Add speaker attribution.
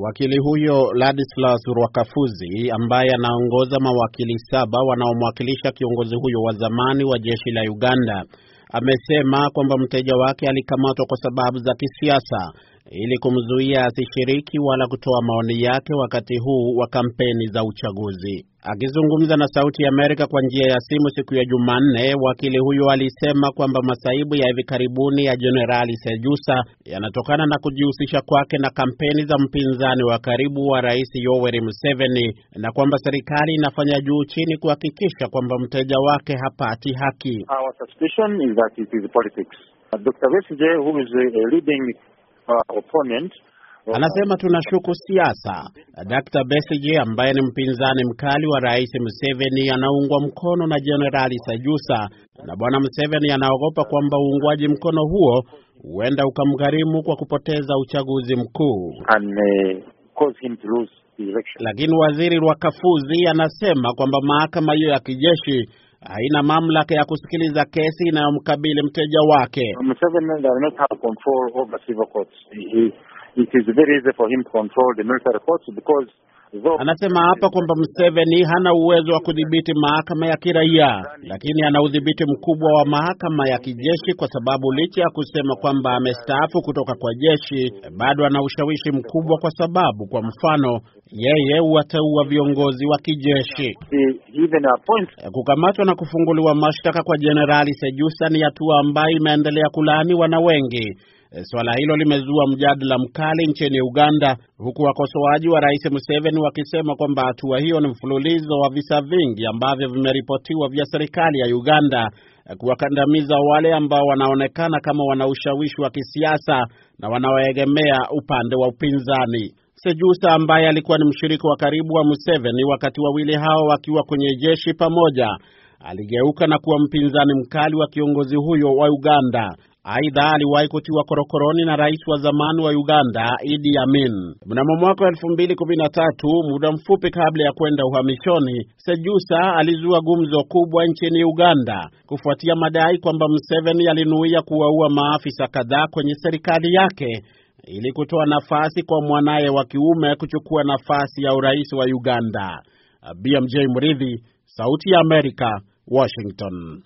Speaker 1: Wakili huyo Ladislas Rwakafuzi ambaye anaongoza mawakili saba wanaomwakilisha kiongozi huyo wa zamani wa jeshi la Uganda amesema kwamba mteja wake alikamatwa kwa sababu za kisiasa ili kumzuia asishiriki wala kutoa maoni yake wakati huu wa kampeni za uchaguzi. Akizungumza na Sauti ya Amerika kwa njia ya simu siku ya Jumanne, wakili huyo alisema kwamba masaibu ya hivi karibuni ya Jenerali Sejusa yanatokana na kujihusisha kwake na kampeni za mpinzani wa karibu wa Rais Yoweri Museveni na kwamba serikali inafanya juu chini kuhakikisha kwamba mteja wake hapati haki.
Speaker 2: Our suspicion is that it is politics. Dr. Besigye, who is a leading, uh, opponent Anasema tunashuku
Speaker 1: siasa. Dr. Besigye ambaye ni mpinzani mkali wa Rais Museveni anaungwa mkono na Jenerali Sajusa, na Bwana Museveni anaogopa kwamba uungwaji mkono huo huenda ukamgharimu kwa kupoteza uchaguzi mkuu
Speaker 2: And, uh...
Speaker 1: Lakini waziri Rwakafuzi anasema kwamba mahakama hiyo ya kijeshi haina mamlaka ya kusikiliza kesi inayomkabili mteja wake
Speaker 2: it is very easy for him to control the military courts because
Speaker 1: Anasema hapa kwamba Museveni hana uwezo wa kudhibiti mahakama ya kiraia, lakini ana udhibiti mkubwa wa mahakama ya kijeshi, kwa sababu licha ya kusema kwamba amestaafu kutoka kwa jeshi, bado ana ushawishi mkubwa, kwa sababu kwa mfano, yeye huwateua viongozi wa kijeshi.
Speaker 2: Eh,
Speaker 1: kukamatwa na kufunguliwa mashtaka kwa Jenerali Sejusa ni hatua ambayo imeendelea kulaaniwa na wengi Eh, swala hilo limezua mjadala mkali nchini Uganda, huku wakosoaji wa rais Museveni wakisema kwamba hatua hiyo ni mfululizo wa visa vingi ambavyo vimeripotiwa vya serikali ya Uganda eh, kuwakandamiza wale ambao wanaonekana kama wana ushawishi wa kisiasa na wanaoegemea upande wa upinzani. Sejusa ambaye alikuwa ni mshiriki wa karibu wa Museveni wakati wawili hao wakiwa kwenye jeshi pamoja, aligeuka na kuwa mpinzani mkali wa kiongozi huyo wa Uganda. Aidha, aliwahi kutiwa korokoroni na rais wa zamani wa Uganda Idi Amin. Mnamo mwaka 2013, muda mfupi kabla ya kwenda uhamishoni, Sejusa alizua gumzo kubwa nchini Uganda kufuatia madai kwamba Museveni alinuia kuwaua maafisa kadhaa kwenye serikali yake ili kutoa nafasi kwa mwanaye wa kiume kuchukua nafasi ya urais wa Uganda. BMJ Mridhi, Sauti ya Amerika, Washington.